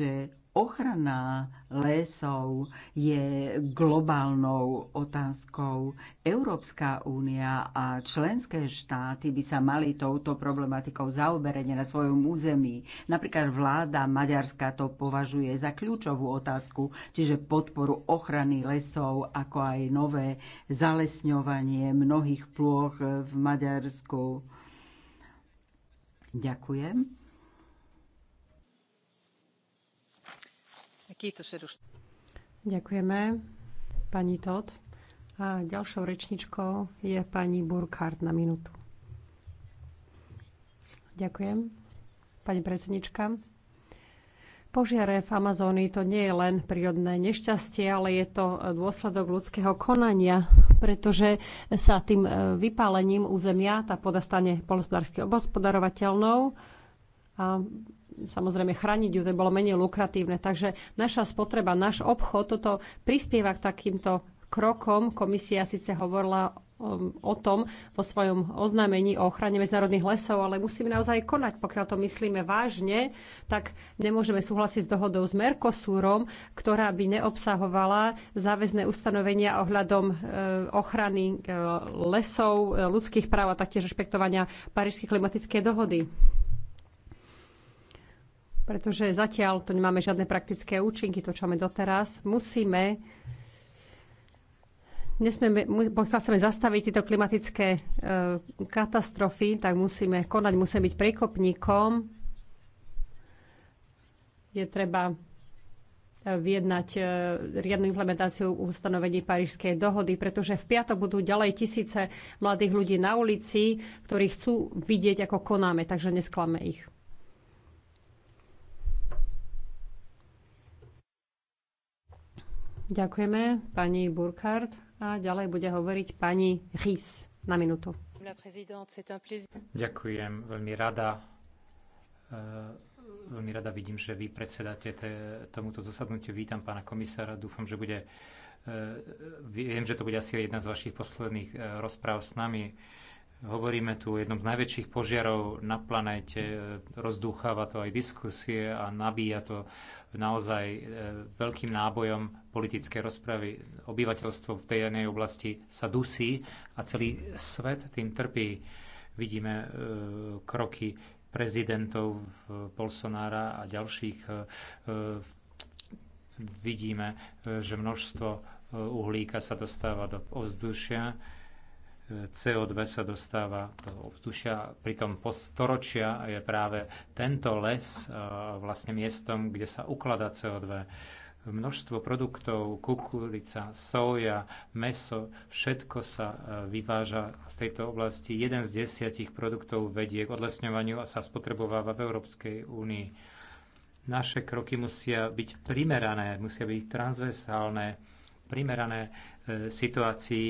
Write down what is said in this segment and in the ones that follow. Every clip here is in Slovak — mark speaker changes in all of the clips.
Speaker 1: že ochrana lesov je globálnou otázkou. Európska únia a členské štáty by sa mali touto problematikou zaoberať na svojom území. Napríklad vláda Maďarska to považuje za kľúčovú otázku, čiže podporu ochrany lesov, ako aj nové zalesňovanie mnohých plôch v Maďarsku.
Speaker 2: Ďakujem. Ďakujeme, pani Todd. A ďalšou rečničkou je pani Burkhardt na minútu. Ďakujem, pani predsednička. Požiare v Amazónii to nie je len prírodné nešťastie, ale je to dôsledok ľudského konania, pretože sa tým e, vypálením územia tá poda stane polospodársky obospodarovateľnou a samozrejme chrániť ju, to bolo menej lukratívne. Takže naša spotreba, náš obchod, toto prispieva k takýmto krokom. Komisia síce hovorila um, o tom vo svojom oznámení o ochrane medzinárodných lesov, ale musíme naozaj konať. Pokiaľ to myslíme vážne, tak nemôžeme súhlasiť s dohodou s Mercosúrom, ktorá by neobsahovala záväzné ustanovenia ohľadom e, ochrany e, lesov, e, ľudských práv a taktiež rešpektovania Parížskej klimatickej dohody pretože zatiaľ to nemáme žiadne praktické účinky, to, čo máme doteraz. Musíme nesmieme, pokiaľ chceme zastaviť tieto klimatické e, katastrofy, tak musíme konať, musíme byť prekopníkom. Je treba e, vyjednať e, riadnu implementáciu ustanovení Parížskej dohody, pretože v piatok budú ďalej tisíce mladých ľudí na ulici, ktorí chcú vidieť, ako konáme, takže nesklame ich. Ďakujeme pani Burkhardt a ďalej bude hovoriť pani Ries na minútu.
Speaker 3: Ďakujem, veľmi rada. E, veľmi rada vidím, že vy predsedáte tomuto zasadnutiu. Vítam pána komisára, dúfam, že bude... E, viem, že to bude asi jedna z vašich posledných e, rozpráv s nami Hovoríme tu o jednom z najväčších požiarov na planéte, rozdúcháva to aj diskusie a nabíja to naozaj e, veľkým nábojom politické rozpravy. Obyvateľstvo v tej jednej oblasti sa dusí a celý svet tým trpí. Vidíme e, kroky prezidentov Bolsonára a ďalších. E, vidíme, že množstvo uhlíka sa dostáva do ovzdušia CO2 sa dostáva do ovzdušia, pritom po storočia je práve tento les e, vlastne miestom, kde sa ukladá CO2 množstvo produktov, kukurica, soja, meso, všetko sa e, vyváža z tejto oblasti. Jeden z desiatich produktov vedie k odlesňovaniu a sa spotrebováva v Európskej únii. Naše kroky musia byť primerané, musia byť transversálne, primerané e, situácii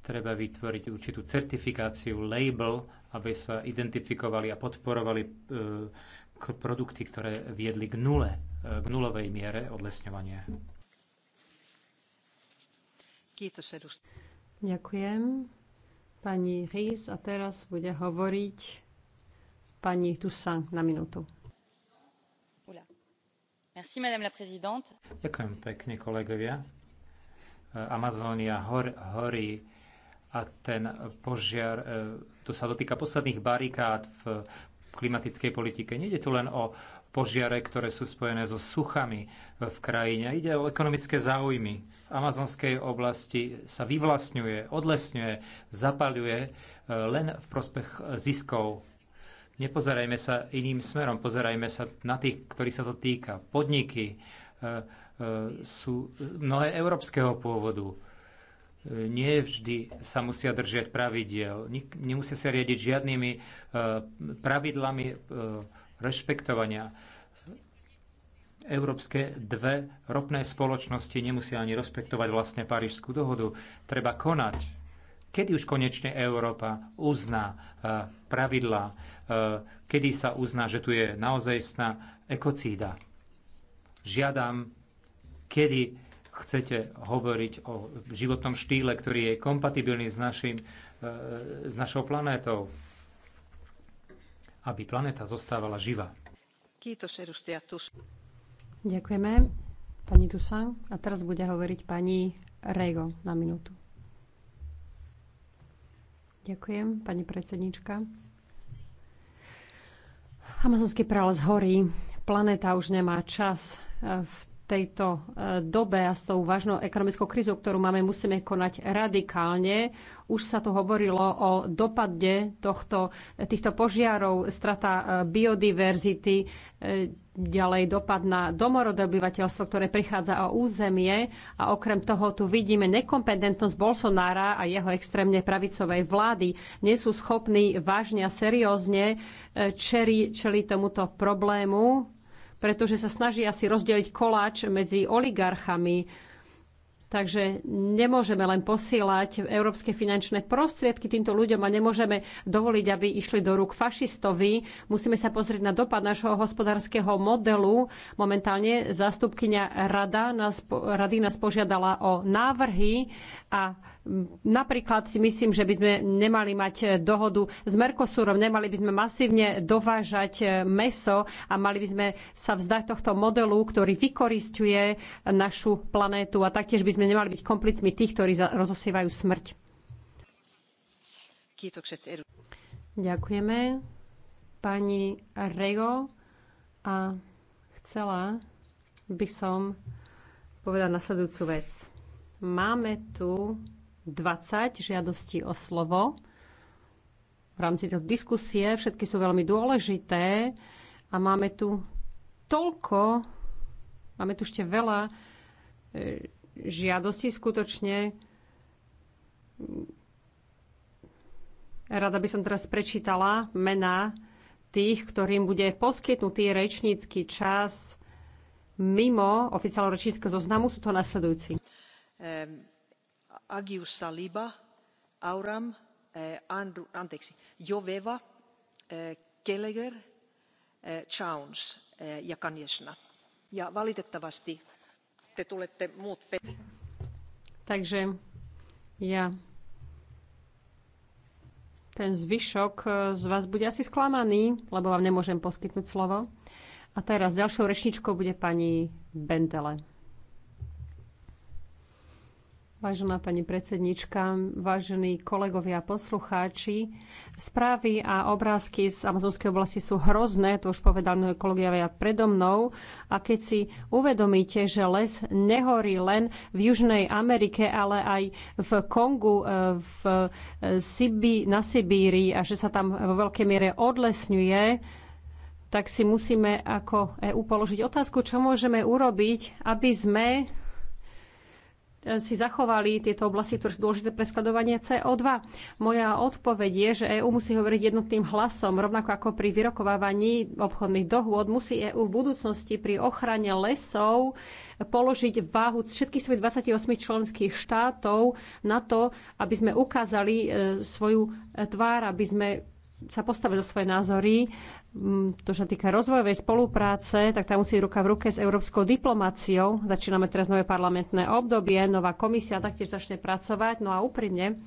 Speaker 3: Treba vytvoriť určitú certifikáciu, label, aby sa identifikovali a podporovali e, produkty, ktoré viedli k nule, e, k nulovej miere odlesňovania.
Speaker 2: Ďakujem. Pani Rís a teraz bude hovoriť pani Tussan na minútu.
Speaker 1: Merci, madame la présidente.
Speaker 3: Ďakujem pekne, kolegovia. E, Amazónia hor, horí a ten požiar e, to sa dotýka posledných barikád v klimatickej politike. Nejde tu len o požiare, ktoré sú spojené so suchami v krajine. Ide o ekonomické záujmy. V amazonskej oblasti sa vyvlastňuje, odlesňuje, zapaľuje e, len v prospech ziskov. Nepozerajme sa iným smerom, pozerajme sa na tých, ktorí sa to týka. Podniky e, sú mnohé európskeho pôvodu nie vždy sa musia držať pravidiel, nemusia sa riadiť žiadnymi e, pravidlami e, rešpektovania. Európske dve ropné spoločnosti nemusia ani rešpektovať vlastne Parížskú dohodu. Treba konať. Kedy už konečne Európa uzná e, pravidlá? Kedy sa uzná, že tu je naozajstná ekocída? Žiadam, kedy chcete hovoriť o životnom štýle, ktorý je kompatibilný s, našim, e, s našou planétou, aby planéta zostávala živá.
Speaker 2: Ďakujeme, pani Tusan. A teraz bude hovoriť pani Rego na minútu. Ďakujem, pani predsednička. Amazonský prales horí. Planéta už nemá čas e, v tejto e, dobe a s tou vážnou ekonomickou krízou, ktorú máme, musíme konať radikálne. Už sa tu hovorilo o dopade tohto, e, týchto požiarov, strata e, biodiverzity, ďalej dopad na domorodé obyvateľstvo, ktoré prichádza o územie a okrem toho tu vidíme nekompetentnosť Bolsonára a jeho extrémne pravicovej vlády. Nie sú schopní vážne a seriózne čeliť tomuto problému pretože sa snaží asi rozdeliť koláč medzi oligarchami. Takže nemôžeme len posielať európske finančné prostriedky týmto ľuďom a nemôžeme dovoliť, aby išli do rúk fašistovi. Musíme sa pozrieť na dopad našho hospodárskeho modelu. Momentálne zástupkynia rada nás, rady nás požiadala o návrhy a Napríklad si myslím, že by sme nemali mať eh, dohodu s Mercosurom, nemali by sme masívne dovážať eh, meso a mali by sme sa vzdať tohto modelu, ktorý vykoristuje našu planétu a taktiež by sme nemali byť komplicmi tých, ktorí rozosievajú smrť. Ďakujeme. Pani Rego a chcela by som povedať nasledujúcu vec. Máme tu 20 žiadostí o slovo v rámci tejto diskusie. Všetky sú veľmi dôležité a máme tu toľko, máme tu ešte veľa e, žiadostí skutočne. Rada by som teraz prečítala mená tých, ktorým bude poskytnutý rečnícky čas mimo oficiálneho rečníckého zoznamu. Sú to nasledujúci. Um agius saliba auram eh, joveva eh, gallagher jones eh, ja konietzna ja valitettavasti te tulette muut Takže ja ten zvyšok z vás bude asi sklamaný, lebo vám nemôžem poskytnúť slovo. A teraz ďalšou rečničkou bude pani Bentele. Vážená pani predsednička, vážení kolegovia poslucháči, správy a obrázky z amazonskej oblasti sú hrozné, to už povedal mnohí kolegovia predo mnou. A keď si uvedomíte, že les nehorí len v Južnej Amerike, ale aj v Kongu, e, v e, Sibí, na Sibírii a že sa tam vo veľkej miere odlesňuje, tak si musíme ako EU položiť otázku, čo môžeme urobiť, aby sme si zachovali tieto oblasti, ktoré sú dôležité pre skladovanie CO2. Moja odpoveď je, že EÚ musí hovoriť jednotným hlasom, rovnako ako pri vyrokovávaní obchodných dohôd. Musí EÚ v budúcnosti pri ochrane lesov položiť váhu všetkých svojich 28 členských štátov na to, aby sme ukázali e, svoju tvár, aby sme sa postavil za svoje názory, mm, to, čo týka rozvojovej spolupráce, tak tam musí ruka v ruke s európskou diplomáciou. Začíname teraz nové parlamentné obdobie, nová komisia taktiež začne pracovať. No a úprimne,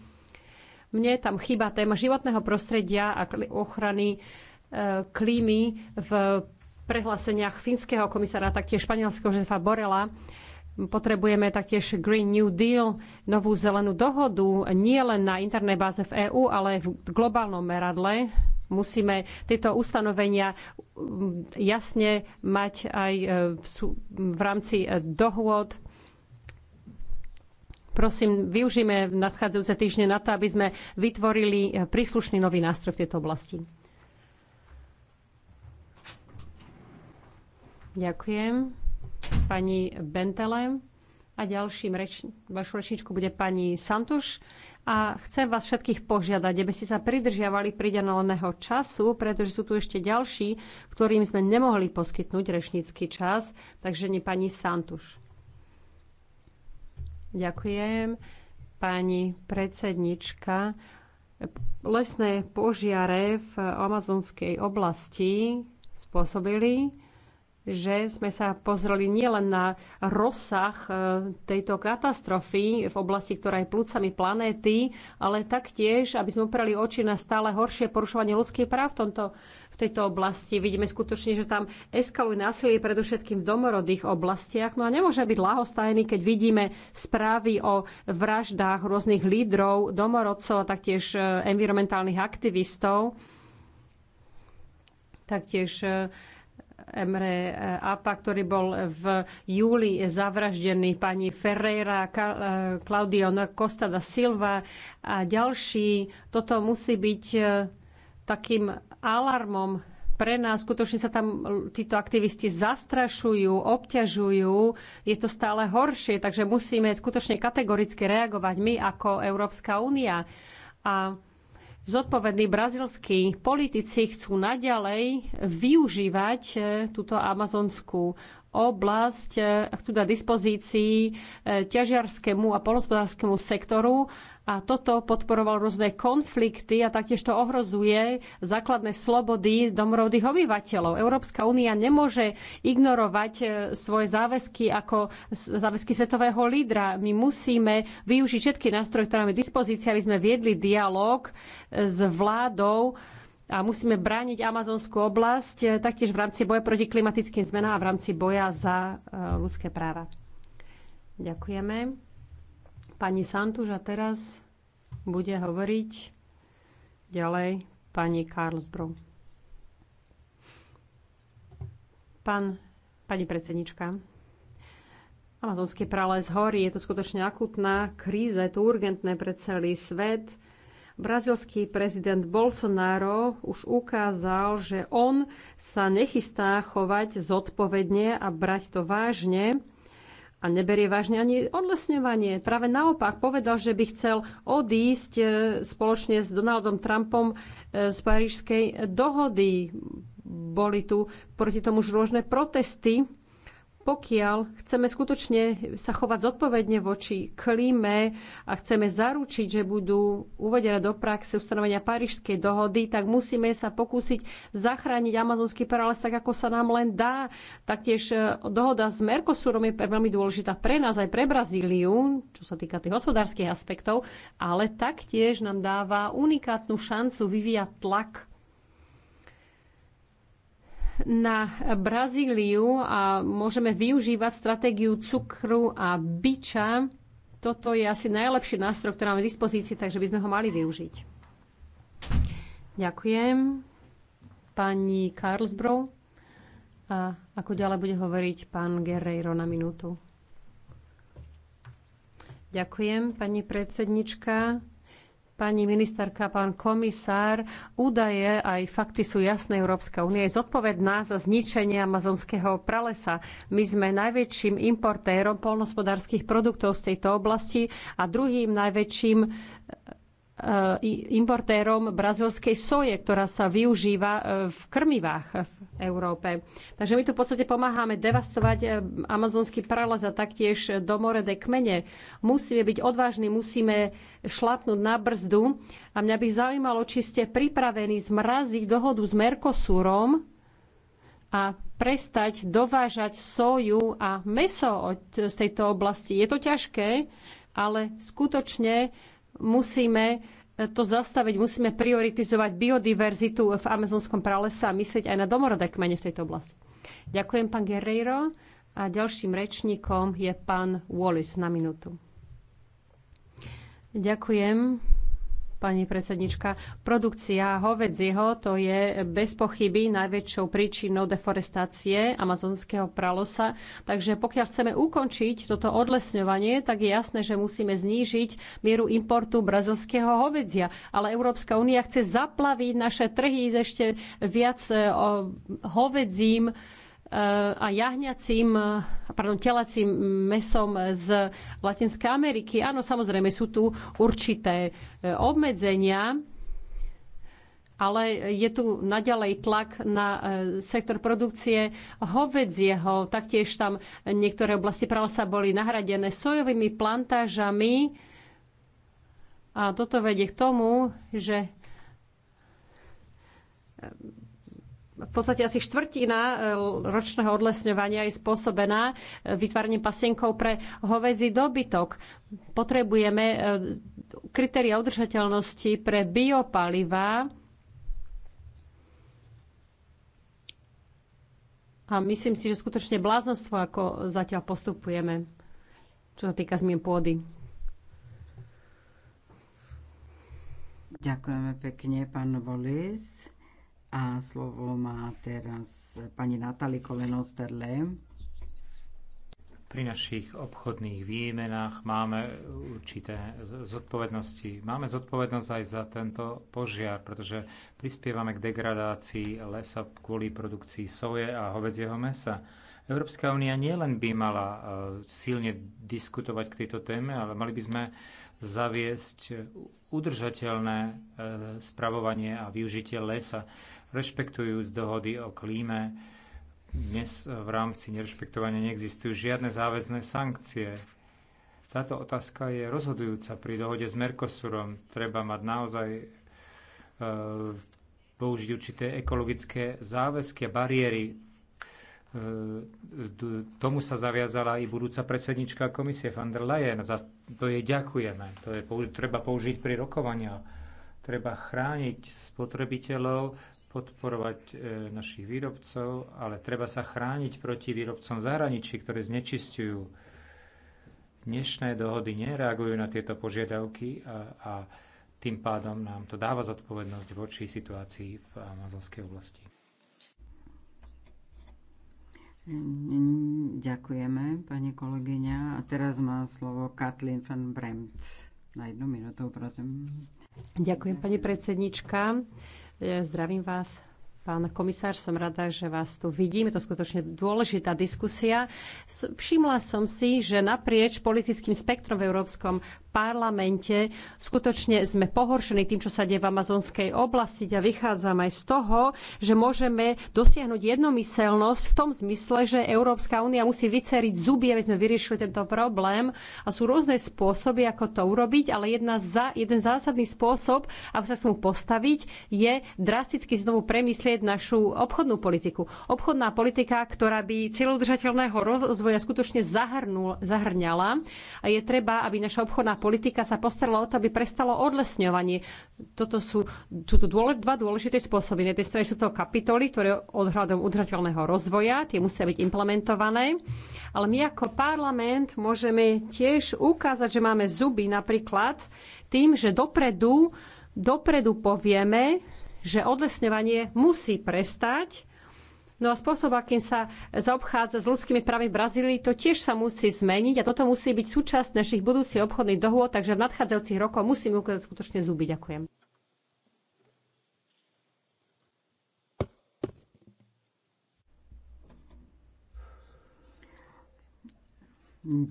Speaker 2: mne tam chýba téma životného prostredia a ochrany e, klímy v prehláseniach fínskeho komisára, taktiež španielského Žefa Borela. Potrebujeme taktiež Green New Deal, novú zelenú dohodu, nie len na internej báze v EÚ, ale v globálnom meradle. Musíme tieto ustanovenia mm, jasne mať aj e, v, v rámci e, dohôd. Prosím, využíme nadchádzajúce týždne na to, aby sme vytvorili e, príslušný nový nástroj v tejto oblasti. Ďakujem pani Bentelem a ďalším reč, vašu rečničku bude pani Santuš. A chcem vás všetkých požiadať, aby ste sa pridržiavali pridaneleného času, pretože sú tu ešte ďalší, ktorým sme nemohli poskytnúť rečnícky čas, takže nie pani Santuš. Ďakujem. Pani predsednička, lesné požiare v amazonskej oblasti spôsobili, že sme sa pozreli nielen na rozsah e, tejto katastrofy v oblasti, ktorá je plúcami planéty, ale taktiež, aby sme uprali oči na stále horšie porušovanie ľudských práv v, tomto, v tejto oblasti. Vidíme skutočne, že tam eskaluje násilie predovšetkým v domorodých oblastiach. No a nemôže byť lahostajný, keď vidíme správy o vraždách rôznych lídrov, domorodcov a taktiež e, environmentálnych aktivistov. Taktiež e, Emre eh, Apa, ktorý bol v júli zavraždený, pani Ferreira, eh, Claudio Costa da Silva a ďalší. Toto musí byť eh, takým alarmom pre nás. Skutočne sa tam títo aktivisti zastrašujú, obťažujú. Je to stále horšie, takže musíme skutočne kategoricky reagovať my ako Európska únia. A zodpovední brazilskí politici chcú naďalej využívať e, túto amazonskú oblasť, e, chcú dať dispozícii e, ťažiarskému a polospodárskému sektoru a toto podporoval rôzne konflikty a taktiež to ohrozuje základné slobody domorodých obyvateľov. Európska únia nemôže ignorovať e, svoje záväzky ako záväzky svetového lídra. My musíme využiť všetky nástroje, ktoré máme dispozícii, aby sme viedli dialog e, s vládou a musíme brániť amazonskú oblasť e, taktiež v rámci boja proti klimatickým zmenám a v rámci boja za ľudské práva. Ďakujeme. Pani Santuža a teraz bude hovoriť ďalej pani Karlsbrou. Pán, pani predsednička, amazonský prales horí, je to skutočne akutná kríza, je to urgentné pre celý svet. Brazilský prezident Bolsonaro už ukázal, že on sa nechystá chovať zodpovedne a brať to vážne a neberie vážne ani odlesňovanie. Práve naopak povedal, že by chcel odísť e, spoločne s Donaldom Trumpom e, z Parížskej dohody. Boli tu proti tomu už rôzne protesty pokiaľ chceme skutočne sa chovať zodpovedne voči klíme a chceme zaručiť, že budú uvedené do praxe ustanovenia Parížskej dohody, tak musíme sa pokúsiť zachrániť amazonský prales tak, ako sa nám len dá. Taktiež e, dohoda s Mercosurom je veľmi dôležitá pre nás aj pre Brazíliu, čo sa týka tých hospodárskych aspektov, ale taktiež nám dáva unikátnu šancu vyvíjať tlak na Brazíliu a môžeme využívať stratégiu cukru a biča. Toto je asi najlepší nástroj, ktorý máme v dispozícii, takže by sme ho mali využiť. Ďakujem. Pani Karlsbrou. A ako ďalej bude hovoriť pán Guerreiro na minútu. Ďakujem, pani predsednička pani ministerka, pán komisár. Údaje aj fakty sú jasné. Európska únia je zodpovedná za zničenie amazonského pralesa. My sme najväčším importérom polnospodárských produktov z tejto oblasti a druhým najväčším eh, importérom brazilskej soje, ktorá sa využíva eh, v krmivách, v Európe. Takže my tu v podstate pomáhame devastovať eh, amazonský prales a taktiež domorede kmene. Musíme byť odvážni, musíme šlapnúť na brzdu. A mňa by zaujímalo, či ste pripravení zmraziť dohodu s Mercosurom a prestať dovážať soju a meso z tejto oblasti. Je to ťažké, ale skutočne musíme to zastaviť, musíme prioritizovať biodiverzitu v amazonskom pralese a myslieť aj na domorodé kmene v tejto oblasti. Ďakujem, pán Guerreiro. A ďalším rečníkom je pán Wallis na minútu. Ďakujem, pani predsednička. Produkcia hovedzieho to je bez pochyby najväčšou príčinou deforestácie amazonského pralosa. Takže pokiaľ chceme ukončiť toto odlesňovanie, tak je jasné, že musíme znížiť mieru importu brazilského hovedzia. Ale Európska únia chce zaplaviť naše trhy ešte viac eh, hovedzím a jahňacím, pardon, telacím mesom z Latinskej Ameriky. Áno, samozrejme, sú tu určité e, obmedzenia, ale je tu naďalej tlak na e, sektor produkcie hovedzieho. Taktiež tam niektoré oblasti pralsa boli nahradené sojovými plantážami. A toto vedie k tomu, že v podstate asi štvrtina e, ročného odlesňovania je spôsobená e, vytváraním pasienkov pre hovedzi dobytok. Potrebujeme e, kritéria udržateľnosti pre biopalivá, A myslím si, že skutočne bláznostvo, ako zatiaľ postupujeme, čo sa týka zmien pôdy.
Speaker 1: Ďakujeme pekne, pán Volis. A slovo má teraz pani Natali Kolenosterle.
Speaker 3: Pri našich obchodných výmenách máme určité zodpovednosti. Máme zodpovednosť aj za tento požiar, pretože prispievame k degradácii lesa kvôli produkcii soje a hovedzieho mesa. Európska únia nielen by mala e, silne diskutovať k tejto téme, ale mali by sme zaviesť udržateľné e, spravovanie a využitie lesa rešpektujúc dohody o klíme. Dnes v rámci nerešpektovania neexistujú žiadne záväzné sankcie. Táto otázka je rozhodujúca pri dohode s Mercosurom. Treba mať naozaj e, použiť určité ekologické záväzky a bariéry. E, tomu sa zaviazala i budúca predsednička komisie van der Leyen. Za to jej ďakujeme. To je, treba použiť pri rokovania. Treba chrániť spotrebiteľov, podporovať e, našich výrobcov, ale treba sa chrániť proti výrobcom zahraničí, ktoré znečistujú. Dnešné dohody nereagujú na tieto požiadavky a, a tým pádom nám to dáva zodpovednosť voči situácii v amazonskej oblasti.
Speaker 1: Ďakujeme, pani kolegyňa. A teraz má slovo Katlin van Bremt. Na jednu
Speaker 2: minútu, prosím. Ďakujem, pani predsednička. Zdravím vás, pán komisár. Som rada, že vás tu vidím. Je to skutočne dôležitá diskusia. Všimla som si, že naprieč politickým spektrom v Európskom parlamente. Skutočne sme pohoršení tým, čo sa deje v amazonskej oblasti a vychádzam aj z toho, že môžeme dosiahnuť jednomyselnosť v tom zmysle, že Európska únia musí vyceriť zuby, aby sme vyriešili tento problém. A sú rôzne spôsoby, ako to urobiť, ale jedna za, jeden zásadný spôsob, ako sa k tomu postaviť, je drasticky znovu premyslieť našu obchodnú politiku. Obchodná politika, ktorá by cieľodržateľného rozvoja skutočne zahrnul, zahrňala. A je treba, aby naša obchodná politika sa postarala o to, aby prestalo odlesňovanie. Toto sú, sú tu dôle, dva dôležité spôsoby. Na jednej strane sú to kapitoly, ktoré odhľadom udržateľného rozvoja, tie musia byť implementované. Ale my ako parlament môžeme tiež ukázať, že máme zuby napríklad tým, že dopredu, dopredu povieme, že odlesňovanie musí prestať No a spôsob, akým sa zaobchádza s ľudskými právami v Brazílii, to tiež sa musí zmeniť a toto musí byť súčasť našich budúcich obchodných dohôd, takže v nadchádzajúcich rokoch musíme ukázať skutočne zuby. Ďakujem.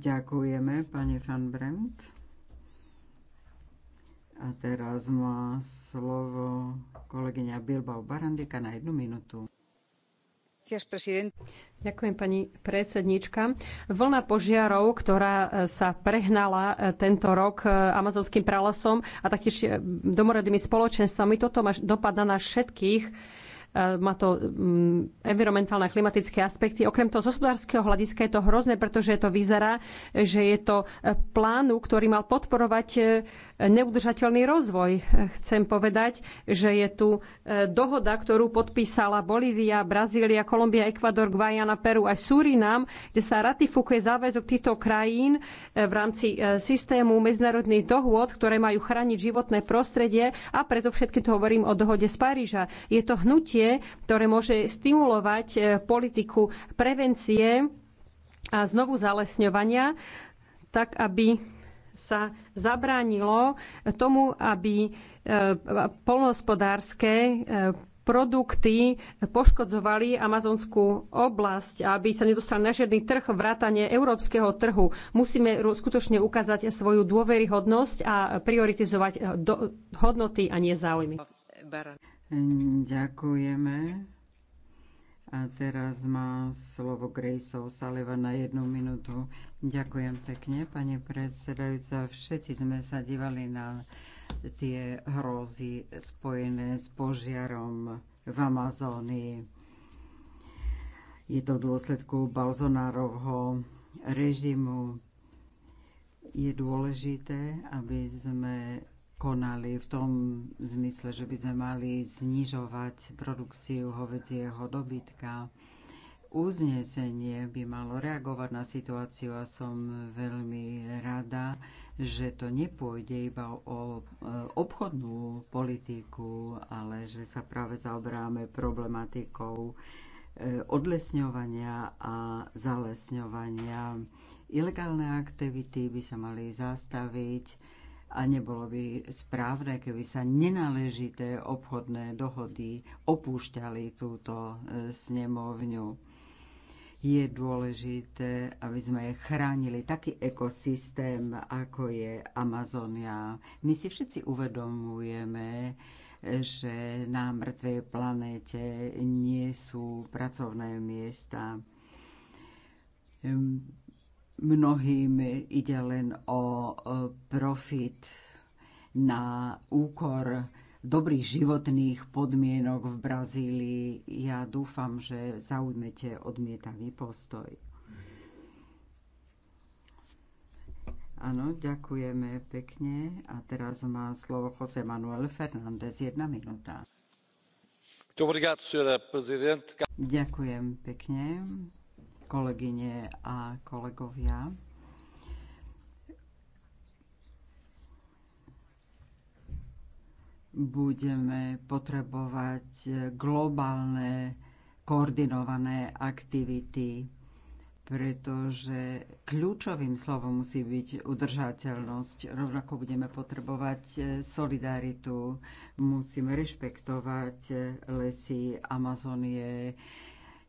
Speaker 1: Ďakujeme, pani van Brent. A teraz má slovo kolegyňa Bilbao Barandika na jednu minútu.
Speaker 2: Ďakujem, pani predsednička. Vlna požiarov, ktorá e, sa prehnala e, tento rok e, amazonským pralesom a taktiež domorodými spoločenstvami, toto má dopad na nás všetkých Eh, má to mm, environmentálne a klimatické aspekty. Okrem toho, z hospodárskeho hľadiska je to hrozné, pretože to vyzerá, že je to eh, plánu, ktorý mal podporovať eh, neudržateľný rozvoj. Chcem povedať, že je tu dohoda, ktorú podpísala Bolívia, Brazília, Kolumbia, Ekvador, Guajana, Peru a Surinam, kde sa ratifikuje záväzok týchto krajín v rámci systému medzinárodných dohôd, ktoré majú chrániť životné prostredie a preto všetky to hovorím o dohode z Paríža. Je to hnutie, prostredie, ktoré môže stimulovať e, politiku prevencie a znovu zalesňovania, tak aby sa zabránilo tomu, aby e, polnohospodárske e, produkty poškodzovali amazonskú oblasť, aby sa nedostal na žiadny trh vrátane európskeho trhu. Musíme skutočne ukázať svoju dôveryhodnosť a prioritizovať hodnoty a nie záujmy.
Speaker 1: Ehm, ďakujeme. A teraz má slovo Grace O'Sullivan na jednu minútu. Ďakujem pekne, pani predsedajúca. Všetci sme sa dívali na tie hrozy spojené s požiarom v Amazónii. Je to v dôsledku Balzonárovho režimu. Je dôležité, aby sme konali v tom zmysle, že by sme mali znižovať produkciu hovedzieho dobytka. Uznesenie by malo reagovať na situáciu a som veľmi rada, že to nepôjde iba o e, obchodnú politiku, ale že sa práve zaoberáme problematikou e, odlesňovania a zalesňovania. Ilegálne aktivity by sa mali zastaviť a nebolo by správne, keby sa nenáležité obchodné dohody opúšťali túto e, snemovňu. Je dôležité, aby sme chránili taký ekosystém, ako je Amazonia. My si všetci uvedomujeme, e, že na mŕtvej planéte nie sú pracovné miesta Mnohým ide len o e, profit na úkor dobrých životných podmienok v Brazílii. Ja dúfam, že zaujmete odmietavý postoj. Áno, ďakujeme pekne. A teraz má slovo José Manuel Fernández. Jedna minúta. Ďakujem pekne kolegyne a kolegovia. Budeme potrebovať globálne koordinované aktivity, pretože kľúčovým slovom musí byť udržateľnosť. Rovnako budeme potrebovať solidaritu, musíme rešpektovať lesy Amazonie,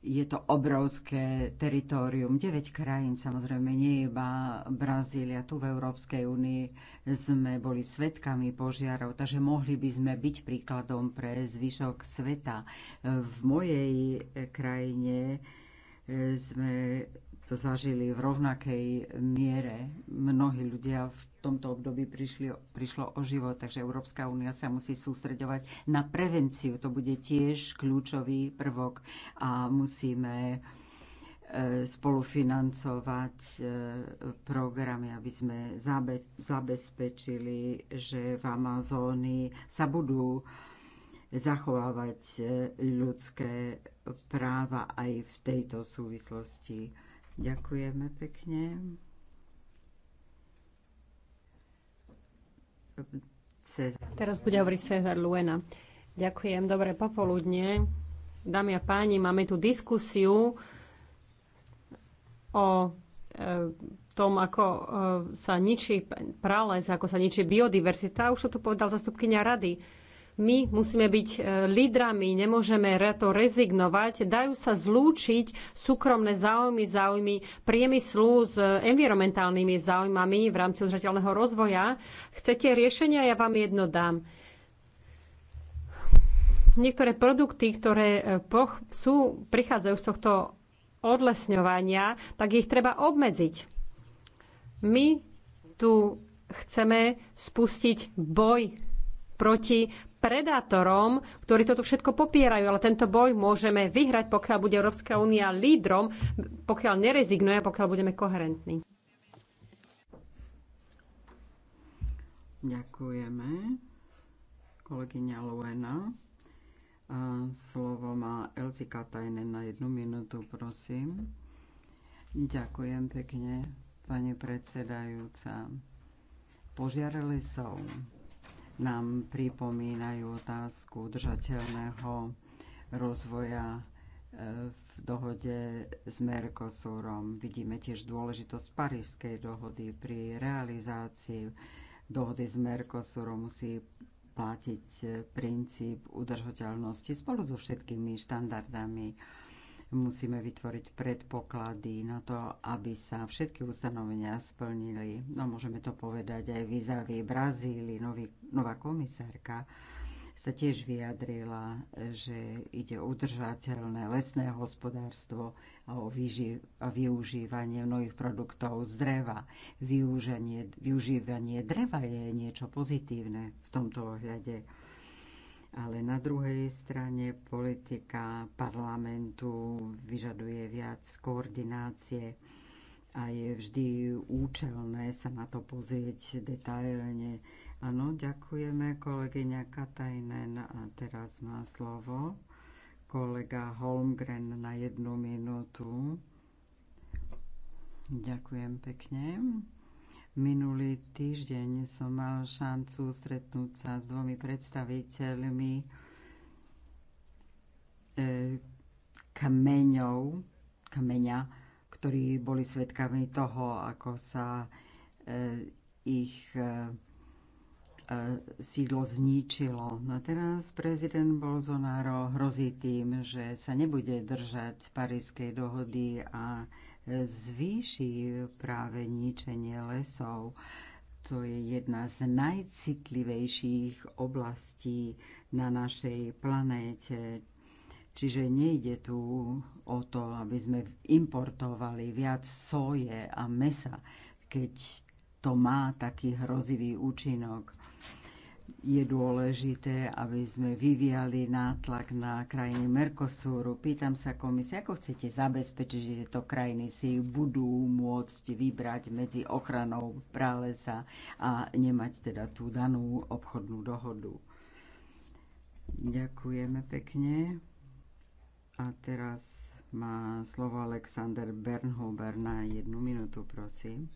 Speaker 1: je to obrovské teritorium, 9 krajín, samozrejme nie iba Brazília, tu v Európskej únii sme boli svetkami požiarov, takže mohli by sme byť príkladom pre zvyšok sveta. V mojej krajine e, sme to zažili v rovnakej miere. Mnohí ľudia v tomto období prišli, prišlo o život, takže Európska únia sa musí sústreďovať na prevenciu. To bude tiež kľúčový prvok a musíme e, spolufinancovať e, programy, aby sme zabezpečili, že v Amazónii sa budú zachovávať e, ľudské práva aj v tejto súvislosti. Ďakujeme
Speaker 2: pekne. Cezar. Teraz bude hovoriť Cezar Luena. Ďakujem, dobre popoludne. Dámy a páni, máme tu diskusiu o e, tom, ako e, sa ničí prales, ako sa ničí biodiverzita. Už to tu povedal zastupkynia rady my musíme byť e, lídrami, nemôžeme to rezignovať. Dajú sa zlúčiť súkromné záujmy, záujmy priemyslu s environmentálnymi záujmami v rámci udržateľného rozvoja. Chcete riešenia? Ja vám jedno dám. Niektoré produkty, ktoré e, sú, prichádzajú z tohto odlesňovania, tak ich treba obmedziť. My tu chceme spustiť boj proti predátorom, ktorí toto všetko popierajú, ale tento boj môžeme vyhrať, pokiaľ bude Európska únia lídrom, pokiaľ nerezignuje, pokiaľ budeme koherentní.
Speaker 1: Ďakujeme. Kolegyňa Luena. slovo má Elzi Katajnen na jednu minútu, prosím. Ďakujem pekne, pani predsedajúca. Požiare lesov nám pripomínajú otázku udržateľného rozvoja e, v dohode s Mercosurom. Vidíme tiež dôležitosť Parížskej dohody pri realizácii dohody s Mercosurom musí platiť e, princíp udržateľnosti spolu so všetkými štandardami musíme vytvoriť predpoklady na to, aby sa všetky ustanovenia splnili. No môžeme to povedať aj vizavi Brazílii. Nový, nová komisárka sa tiež vyjadrila, že ide o udržateľné lesné hospodárstvo a o využívanie nových produktov z dreva. Využívanie, využívanie dreva je niečo pozitívne v tomto ohľade ale na druhej strane politika parlamentu vyžaduje viac koordinácie a je vždy účelné sa na to pozrieť detailne. Áno, ďakujeme kolegyňa Katajnen a teraz má slovo kolega Holmgren na jednu minútu. Ďakujem pekne. Minulý týždeň som mal šancu stretnúť sa s dvomi predstaviteľmi e, kameňov, kameňa, ktorí boli svetkami toho, ako sa e, ich e, sídlo zničilo. No teraz prezident Bolsonaro hrozí tým, že sa nebude držať Parískej dohody a zvýši práve ničenie lesov. To je jedna z najcitlivejších oblastí na našej planéte. Čiže nejde tu o to, aby sme importovali viac soje a mesa, keď to má taký hrozivý účinok je dôležité, aby sme vyvíjali nátlak na krajiny Mercosuru. Pýtam sa komisie, ako chcete zabezpečiť, že tieto krajiny si budú môcť vybrať medzi ochranou pralesa a nemať teda tú danú obchodnú dohodu. Ďakujeme pekne. A teraz má slovo Alexander Bernhuber na jednu minútu, prosím.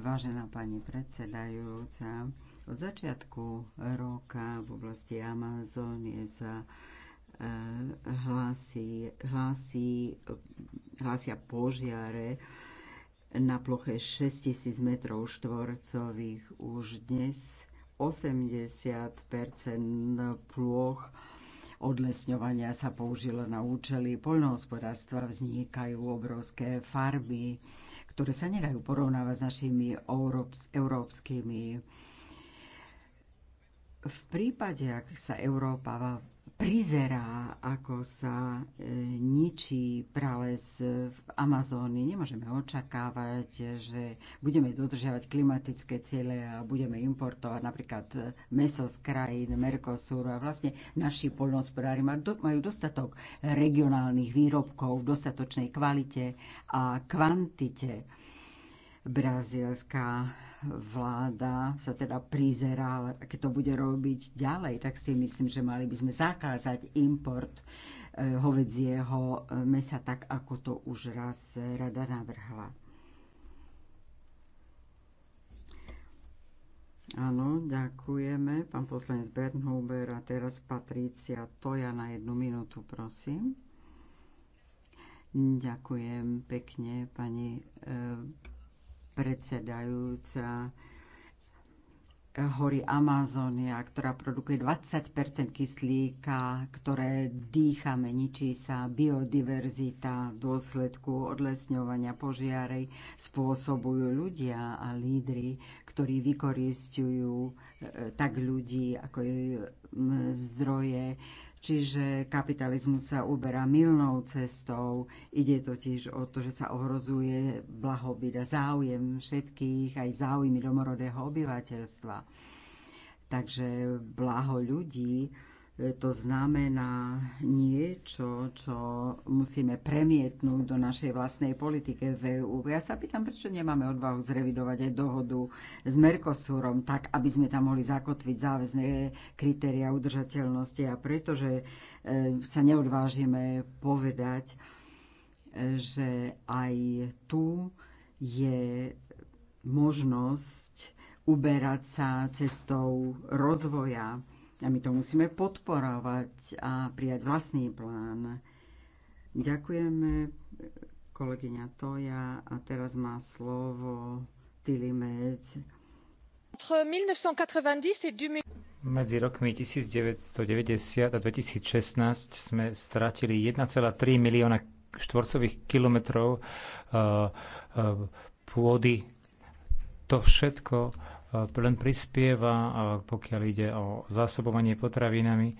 Speaker 1: Vážená pani predsedajúca, od začiatku roka v oblasti Amazónie sa e, hlási, hlási, hlásia požiare na ploche 6000 m štvorcových. Už dnes 80 ploch odlesňovania sa použilo na účely poľnohospodárstva, vznikajú obrovské farby, ktoré sa nedajú porovnávať s našimi európskymi v prípade, ak sa Európa prizerá, ako sa e, ničí prales v Amazónii. Nemôžeme očakávať, že budeme dodržiavať klimatické ciele a budeme importovať napríklad meso z krajín Mercosur a vlastne naši poľnohospodári majú dostatok regionálnych výrobkov v dostatočnej kvalite a kvantite Brazílská vláda sa teda prizerá, ale keď to bude robiť ďalej, tak si myslím, že mali by sme zakázať import eh, hovedzieho eh, mesa, tak ako to už raz rada navrhla. Áno, ďakujeme. Pán poslanec Bernhuber a teraz Patrícia Toja na jednu minútu, prosím. Ďakujem pekne, pani eh, predsedajúca. Hory Amazonia, ktorá produkuje 20 kyslíka, ktoré dýchame, ničí sa biodiverzita v dôsledku odlesňovania požiarej, spôsobujú ľudia a lídry, ktorí vykoristujú e, e, tak ľudí ako zdroje Čiže kapitalizmus sa uberá milnou cestou. Ide totiž o to, že sa ohrozuje blahobyt a záujem všetkých, aj záujmy domorodého obyvateľstva. Takže blaho ľudí to znamená niečo, čo musíme premietnúť do našej vlastnej politike v EU. Ja sa pýtam, prečo nemáme odvahu zrevidovať aj dohodu s Mercosurom, tak aby sme tam mohli zakotviť záväzné kritéria udržateľnosti a pretože e, sa neodvážime povedať, e, že aj tu je možnosť uberať sa cestou rozvoja a my to musíme podporovať a prijať vlastný plán. Ďakujeme, kolegyňa Toja. A teraz má slovo Medz.
Speaker 3: Medzi rokmi 1990 a 2016 sme stratili 1,3 milióna štvorcových kilometrov eh, eh, pôdy. To všetko len prispieva, pokiaľ ide o zásobovanie potravinami.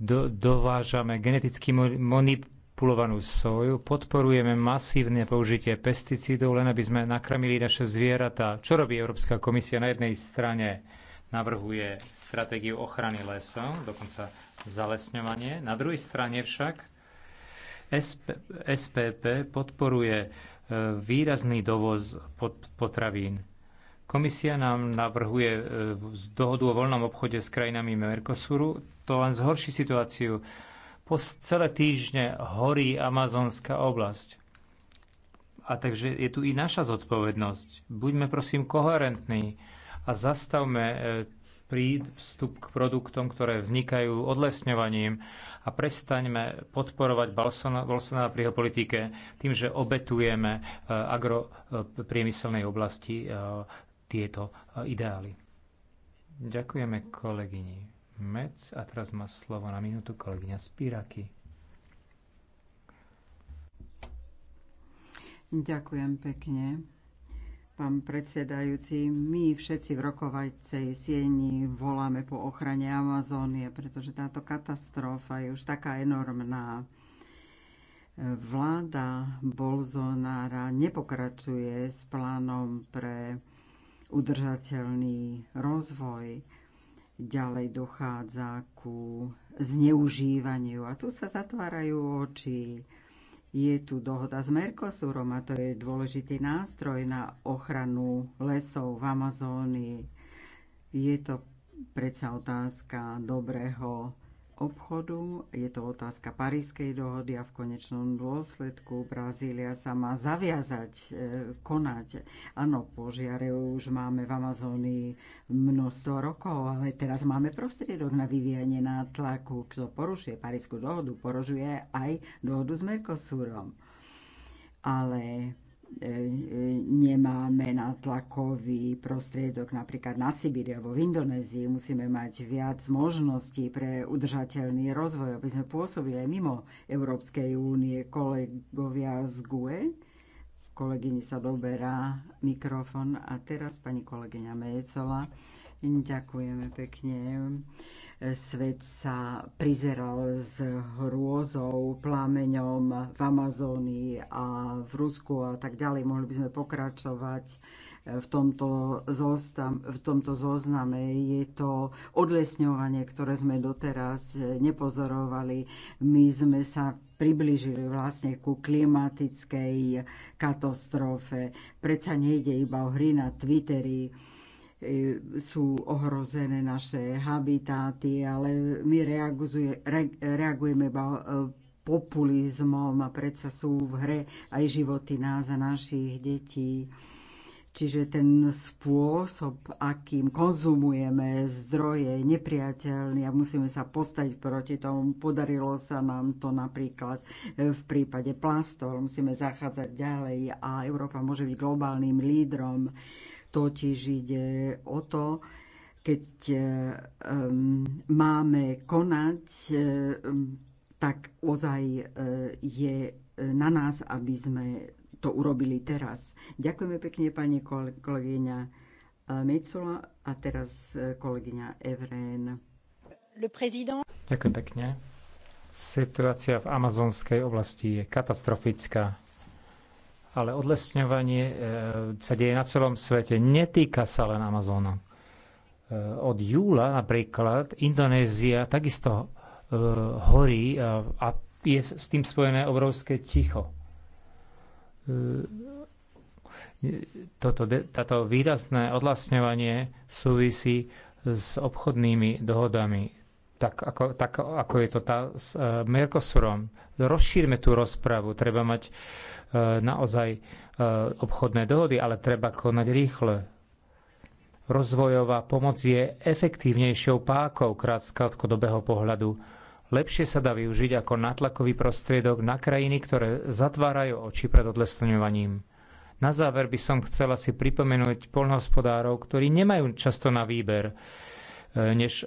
Speaker 3: Do, dovážame geneticky manipulovanú soju, podporujeme masívne použitie pesticídov, len aby sme nakrmili naše zvieratá. Čo robí Európska komisia? Na jednej strane navrhuje stratégiu ochrany lesov, dokonca zalesňovanie. Na druhej strane však SP, SPP podporuje e, výrazný dovoz pot, potravín. Komisia nám navrhuje e, dohodu o voľnom obchode s krajinami Mercosuru. To len zhorší situáciu. Po celé týždne horí amazonská oblasť. A takže je tu i naša zodpovednosť. Buďme prosím koherentní a zastavme e, prístup k produktom, ktoré vznikajú odlesňovaním a prestaňme podporovať Bolsonaro pri jeho politike tým, že obetujeme e, agropriemyselnej oblasti tieto e, ideály. Ďakujeme kolegyni Mec a teraz má slovo na minútu kolegyňa Spiraky.
Speaker 1: Ďakujem pekne. Pán predsedajúci, my všetci v rokovajcej sieni voláme po ochrane Amazónie, pretože táto katastrofa je už taká enormná. Vláda Bolzonára nepokračuje s plánom pre udržateľný rozvoj. Ďalej dochádza ku zneužívaniu a tu sa zatvárajú oči. Je tu dohoda s Mercosurom a to je dôležitý nástroj na ochranu lesov v Amazónii. Je to predsa otázka dobrého obchodu. Je to otázka Parískej dohody a v konečnom dôsledku Brazília sa má zaviazať, e, konať. Áno, požiare už máme v Amazónii množstvo rokov, ale teraz máme prostriedok na vyvíjanie nátlaku. Kto porušuje Parísku dohodu, porušuje aj dohodu s Mercosurom. Ale E, nemáme natlakový prostriedok napríklad na Sibíri alebo v Indonézii. Musíme mať viac možností pre udržateľný rozvoj, aby sme pôsobili aj mimo Európskej únie. Kolegovia z GUE, kolegyni sa doberá mikrofon a teraz pani kolegyňa Mejecová. Ďakujeme pekne. Svet sa prizeral s hrôzou, plámeňom v Amazónii a v Rusku a tak ďalej. Mohli by sme pokračovať v tomto, zostam, v tomto zozname. Je to odlesňovanie, ktoré sme doteraz nepozorovali. My sme sa priblížili vlastne ku klimatickej katastrofe. Predsa nejde iba o hry na Twitteri, E, sú ohrozené naše habitáty, ale my reaguje, reagujeme iba e, populizmom a predsa sú v hre aj životy nás a našich detí. Čiže ten spôsob, akým konzumujeme zdroje, je nepriateľný a musíme sa postaviť proti tomu. Podarilo sa nám to napríklad e, v prípade plastov, musíme zachádzať ďalej a Európa môže byť globálnym lídrom. Totiž ide o to, keď um, máme konať, um, tak ozaj uh, je e, na nás, aby sme to urobili teraz. Ďakujeme pekne, pani kolegyňa e, Mecula a teraz kolegyňa Evren. Ďakujem
Speaker 3: pekne. Situácia v amazonskej oblasti je katastrofická ale odlesňovanie e, sa deje na celom svete. Netýka sa len Amazóna. E, od júla napríklad Indonézia takisto e, horí a je s tým spojené obrovské ticho. Toto, táto výrazné odlastňovanie súvisí s obchodnými dohodami, tak ako, tak ako je to tá s Mercosurom. Rozšírme tú rozpravu, treba mať Eh, naozaj eh, obchodné dohody, ale treba konať rýchle. Rozvojová pomoc je efektívnejšou pákou krátkodobého pohľadu. Lepšie sa dá využiť ako natlakový prostriedok na krajiny, ktoré zatvárajú oči pred odlesňovaním. Na záver by som chcela si pripomenúť poľnohospodárov, ktorí nemajú často na výber, eh, než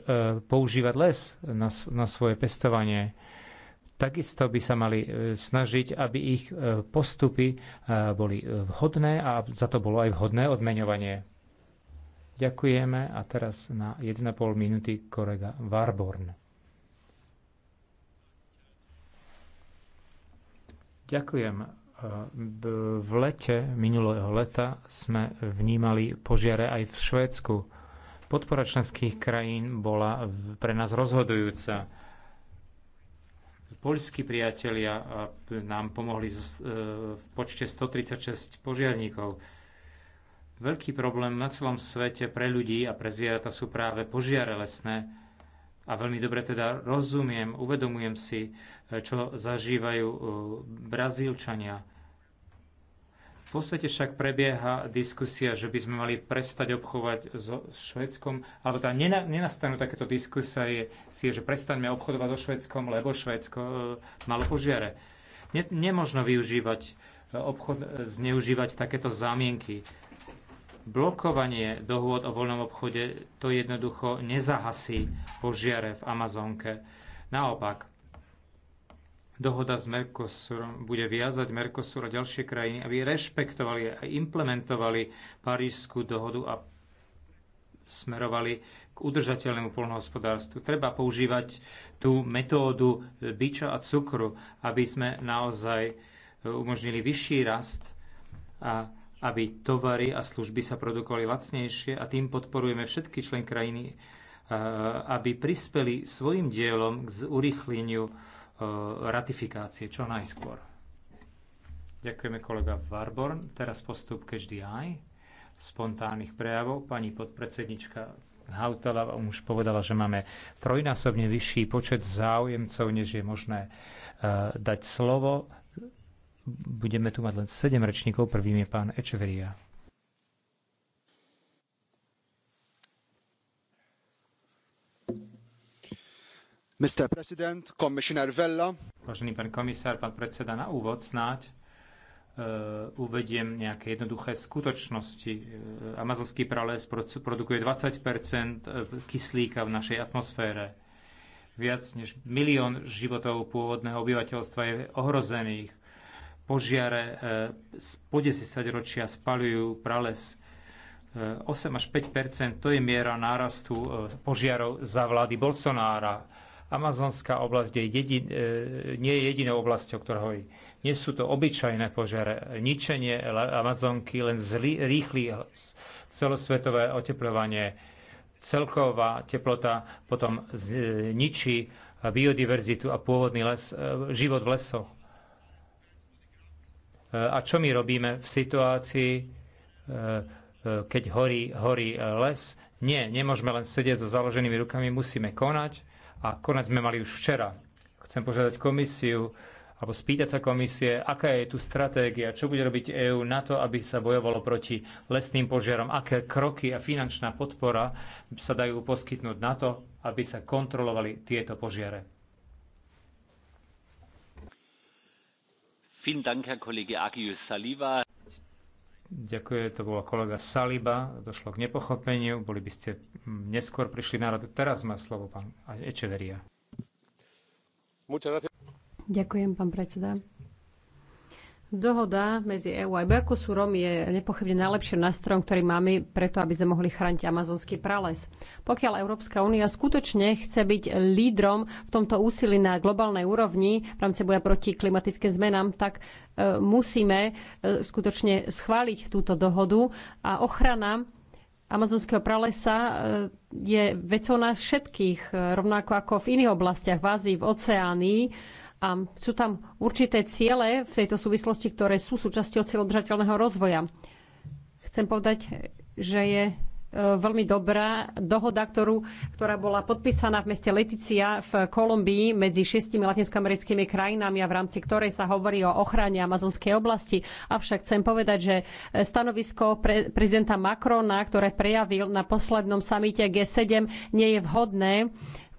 Speaker 3: používať les na, na svoje pestovanie. Takisto by sa mali e, snažiť, aby ich e, postupy e, boli vhodné a za to bolo aj vhodné odmeňovanie. Ďakujeme a teraz na 1,5 minúty kolega Warborn. Ďakujem. V lete minulého leta sme vnímali požiare aj v Švédsku. Podpora členských krajín bola pre nás rozhodujúca Poľskí priatelia nám pomohli e, v počte 136 požiarníkov. Veľký problém na celom svete pre ľudí a pre zvieratá sú práve požiare lesné. A veľmi dobre teda rozumiem, uvedomujem si, e, čo zažívajú e, Brazílčania. Vo svete však prebieha diskusia, že by sme mali prestať obchovať so Švedskom, alebo tá nenastanú takéto diskusie, že prestaňme obchodovať so Švedskom, lebo Švedsko e, malo požiare. Ne, nemožno využívať e, obchod, e, zneužívať takéto zámienky. Blokovanie dohôd o voľnom obchode to jednoducho nezahasí požiare v Amazonke. Naopak, Dohoda s Mercosurom bude viazať Mercosur a ďalšie krajiny, aby rešpektovali a implementovali Parížskú dohodu a smerovali k udržateľnému polnohospodárstvu. Treba používať tú metódu biča a cukru, aby sme naozaj umožnili vyšší rast a aby tovary a služby sa produkovali lacnejšie a tým podporujeme všetky člen krajiny, aby prispeli svojim dielom k urýchleniu Eh, ratifikácie čo najskôr. Ďakujeme kolega Warborn. Teraz postup každý aj spontánnych prejavov. Pani podpredsednička Hautala vám už povedala, že máme trojnásobne vyšší počet záujemcov, než je možné eh, dať slovo. Budeme tu mať len 7 rečníkov. Prvým je pán Ečveria. Mr. President, Commissioner Vella. Vážený pán komisár, pán predseda, na úvod snáď Uh, uvediem nejaké jednoduché skutočnosti. Uh, Amazonský prales produkuje 20 e, kyslíka v našej atmosfére. Viac než milión životov pôvodného obyvateľstva je ohrozených. Požiare uh, po 10 ročia spalujú prales 8 až 5 to je miera nárastu požiarov za vlády Bolsonára. Amazonská oblasť je jedin, e, nie je jedinou oblasťou, ktorá hojí. Nie sú to obyčajné požiare. Ničenie Amazonky, len zlý, rýchly celosvetové oteplovanie, celková teplota potom e, ničí biodiverzitu a pôvodný les, e, život v lesoch. A čo my robíme v situácii, keď horí, horí les? Nie, nemôžeme len sedieť so založenými rukami, musíme konať a konec sme mali už včera. Chcem požiadať komisiu, alebo spýtať sa komisie, aká je tu stratégia, čo bude robiť EÚ na to, aby sa bojovalo proti lesným požiarom, aké kroky a finančná podpora sa dajú poskytnúť na to, aby sa kontrolovali tieto požiare. Vielen Dank, Herr Kollege Agius Saliva. Ďakujem, to bola kolega Saliba, došlo k nepochopeniu, boli by ste neskôr prišli na radu. Teraz má slovo pán Ečeveria. Ďakujem,
Speaker 2: pán predseda. Dohoda medzi EU a Mercosurom je nepochybne najlepším nástrojom, ktorý máme preto, aby sme mohli chrániť amazonský prales. Pokiaľ Európska únia skutočne chce byť lídrom v tomto úsilí na globálnej úrovni v rámci boja proti klimatickým zmenám, tak e, musíme e, skutočne schváliť túto dohodu a ochrana amazonského pralesa e, je vecou nás všetkých, rovnako ako v iných oblastiach, v Ázii, v oceánii a sú tam určité ciele v tejto súvislosti, ktoré sú súčasťou cieľodržateľného rozvoja. Chcem povedať, že je e, veľmi dobrá dohoda, ktorú, ktorá bola podpísaná v meste Leticia v Kolumbii medzi šiestimi latinskoamerickými krajinami a v rámci ktorej sa hovorí o ochrane amazonskej oblasti. Avšak chcem povedať, že stanovisko pre, prezidenta Macrona, ktoré prejavil na poslednom samite G7, nie je vhodné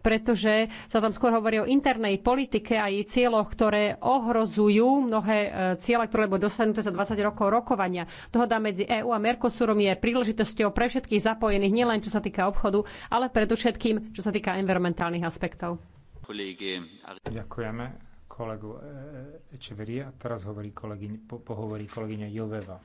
Speaker 2: pretože sa tam skôr hovorí o internej politike a jej cieľoch, ktoré ohrozujú mnohé e, ciele, ktoré boli dosiahnuté za 20 rokov rokovania. Dohoda medzi EÚ a Mercosurom je príležitosťou pre všetkých zapojených, nielen čo sa týka obchodu, ale predovšetkým čo sa týka environmentálnych aspektov.
Speaker 3: Ďakujeme kolegu e, e, Echeveria. Teraz hovorí kolegyň, po, pohovorí kolegyňa Joveva.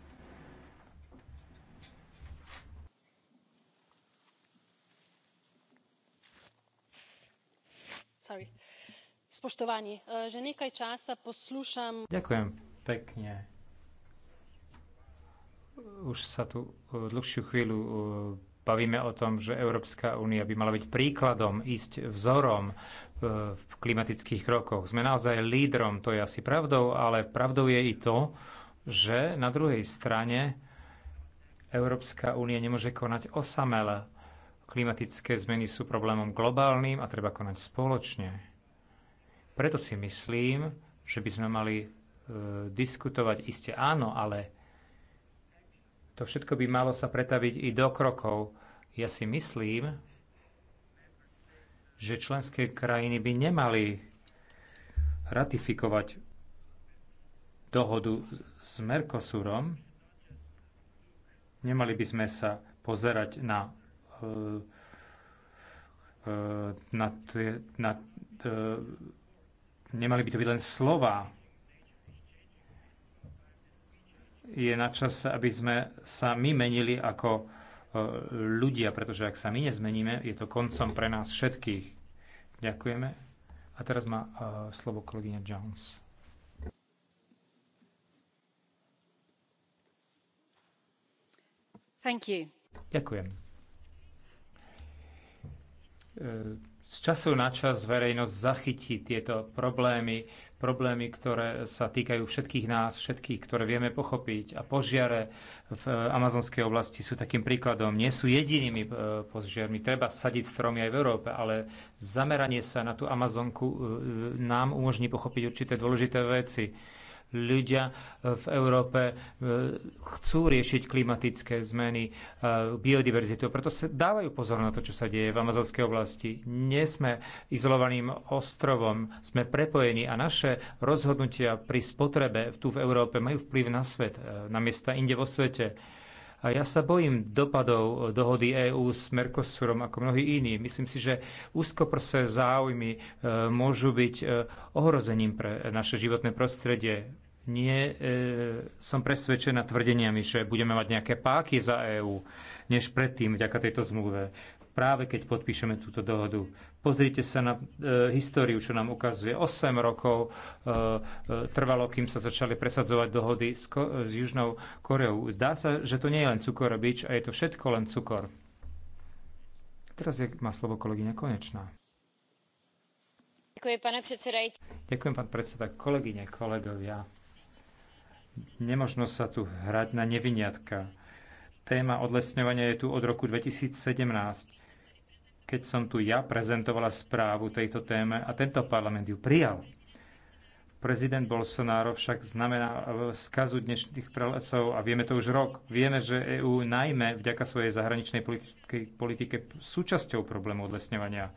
Speaker 2: spoštovani e, že nekaj časa poslušam. ďakujem
Speaker 3: pekne už sa tu e, dlhšiu chvíľu e, bavíme o tom, že Európska únia by mala byť príkladom, ísť vzorom v klimatických krokoch. Sme naozaj lídrom, to je asi pravdou, ale pravdou je i to, že na druhej strane Európska únia nemôže konať osamela Klimatické zmeny sú problémom globálnym a treba konať spoločne. Preto si myslím, že by sme mali e, diskutovať iste áno, ale to všetko by malo sa pretaviť i do krokov. Ja si myslím, že členské krajiny by nemali ratifikovať dohodu s Mercosurom, nemali by sme sa pozerať na E, e, na, na, e, nemali by to byť len slova. Je na čase, aby sme sa my menili ako ľudia, pretože ak sa my nezmeníme, je to koncom pre nás všetkých. Ďakujeme. A teraz má slovo kolegyňa Jones. Thank you. Ďakujem z času na čas verejnosť zachytí tieto problémy, problémy, ktoré sa týkajú všetkých nás, všetkých, ktoré vieme pochopiť. A požiare v amazonskej oblasti sú takým príkladom. Nie sú jedinými e, požiarmi. Treba sadiť stromy aj v Európe, ale zameranie sa na tú Amazonku e, e, nám umožní pochopiť určité dôležité veci ľudia e, v Európe e, chcú riešiť klimatické zmeny, e, biodiverzitu. Preto sa dávajú pozor na to, čo sa deje v amazonskej oblasti. Nie sme izolovaným ostrovom, sme prepojení a naše rozhodnutia pri spotrebe tu v Európe majú vplyv na svet, na miesta inde vo svete a ja sa bojím dopadov eh, dohody EÚ s Mercosurom ako mnohí iní. Myslím si, že úzkoprse záujmy eh, môžu byť eh, ohrozením pre naše životné prostredie. Nie e, som presvedčená tvrdeniami, že budeme mať nejaké páky za EÚ, než predtým vďaka tejto zmluve práve keď podpíšeme túto dohodu. Pozrite sa na e, históriu, čo nám ukazuje. 8 rokov e, e, trvalo, kým sa začali presadzovať dohody s, ko- s Južnou Koreou. Zdá sa, že to nie je len cukor a bič a je to všetko len cukor. Teraz je, má slovo kolegyňa Konečná.
Speaker 2: Ďakujem, pane predsedajúci.
Speaker 3: Ďakujem, pán predseda. Kolegyne, kolegovia, nemožno sa tu hrať na neviniatka. Téma odlesňovania je tu od roku 2017 keď som tu ja prezentovala správu tejto téme a tento parlament ju prijal. Prezident Bolsonaro však znamená skazu dnešných prelesov a vieme to už rok. Vieme, že EÚ najmä vďaka svojej zahraničnej politike, politike súčasťou problému odlesňovania.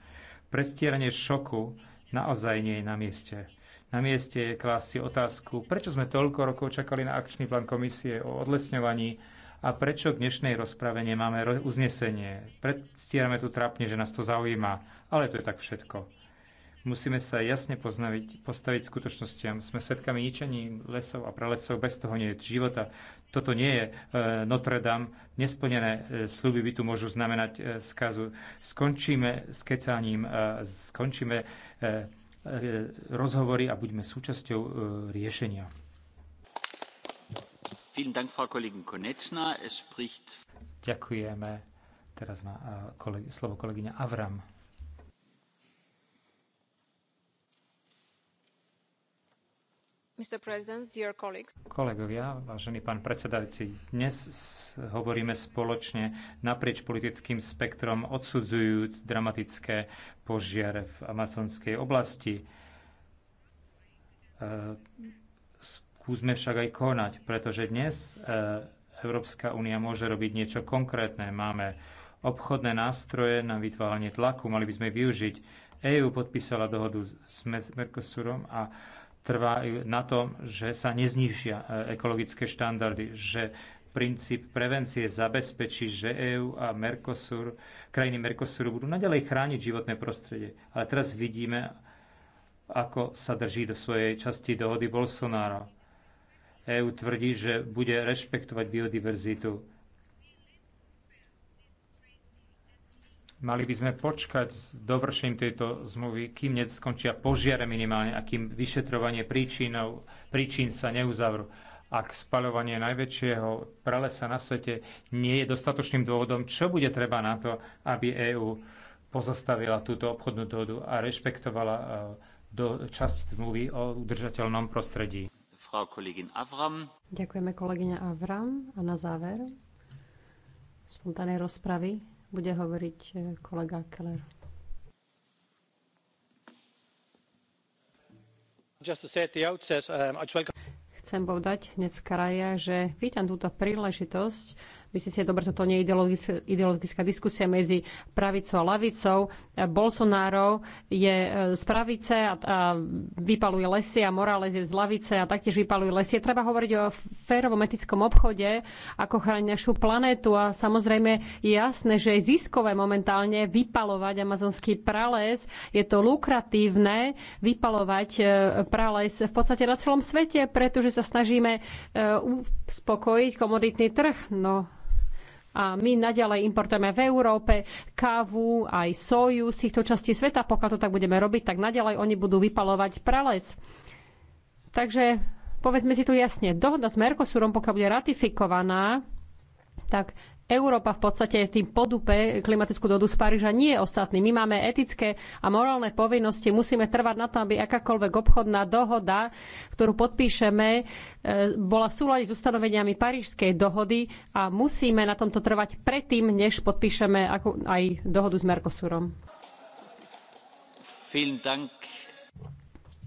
Speaker 3: Predstieranie šoku naozaj nie je na mieste. Na mieste je klásť si otázku, prečo sme toľko rokov čakali na akčný plán komisie o odlesňovaní a prečo k dnešnej rozprave nemáme uznesenie. Predstierame tu trápne, že nás to zaujíma, ale to je tak všetko. Musíme sa jasne poznaviť, postaviť skutočnostiam. Sme svetkami ničení lesov a pralesov, bez toho nie je života. Toto nie je e, Notre Dame. Nesplnené e, sluby by tu môžu znamenať e, skazu. Skončíme s kecaním, e, skončíme e, e, rozhovory a buďme súčasťou e, riešenia. Ďakujeme. Teraz má eh, slovo kolegyňa Avram. Kolegovia, vážený pán predsedajúci, dnes hovoríme spoločne naprieč politickým spektrom odsudzujúc dramatické požiare v amazonskej oblasti. Eh, Skúsme však aj konať, pretože dnes eh, Európska únia môže robiť niečo konkrétne. Máme obchodné nástroje na vytváranie tlaku, mali by sme využiť. EÚ podpísala dohodu s Mercosurom a trvá na tom, že sa neznižia eh, ekologické štandardy, že princíp prevencie zabezpečí, že EÚ a Mercosur, krajiny Mercosuru budú naďalej chrániť životné prostredie. Ale teraz vidíme, ako sa drží do svojej časti dohody Bolsonaro. EÚ tvrdí, že bude rešpektovať biodiverzitu. Mali by sme počkať s dovršením tejto zmluvy, kým neskončia požiare minimálne a kým vyšetrovanie príčinov, príčin sa neuzavrú. Ak spaľovanie najväčšieho pralesa na svete nie je dostatočným dôvodom, čo bude treba na to, aby EÚ pozastavila túto obchodnú dohodu a rešpektovala e, do časť zmluvy o udržateľnom prostredí. Ďakujeme
Speaker 2: kolegyňa Avram. A na záver spontánnej rozpravy bude hovoriť e, kolega Keller.
Speaker 3: Um,
Speaker 2: Chcem povedať hneď z kraja, že vítam túto príležitosť Myslím si, že dobre, toto nie je ideologická diskusia medzi pravicou a lavicou. Bolsonaro je e, z pravice a, a vypaluje lesy a Morales je z lavice a taktiež vypaluje lesy. Treba hovoriť o férovom etickom obchode, ako chrániť našu planétu a samozrejme je jasné, že je ziskové momentálne vypalovať amazonský prales. Je to lukratívne vypalovať e, prales v podstate na celom svete, pretože sa snažíme e, uspokojiť komoditný trh. No a my naďalej importujeme v Európe kávu, aj soju z týchto častí sveta. Pokiaľ to tak budeme robiť, tak naďalej oni budú vypalovať prales. Takže povedzme si tu jasne, dohoda s Mercosurom, pokiaľ bude ratifikovaná, tak Európa v podstate tým podupe klimatickú dodu z Paríža, nie ostatní. My máme etické a morálne povinnosti, musíme trvať na tom, aby akákoľvek obchodná dohoda, ktorú podpíšeme, e, bola v súlade s ustanoveniami Parížskej dohody a musíme na tomto trvať predtým, než podpíšeme aj dohodu s Mercosurom.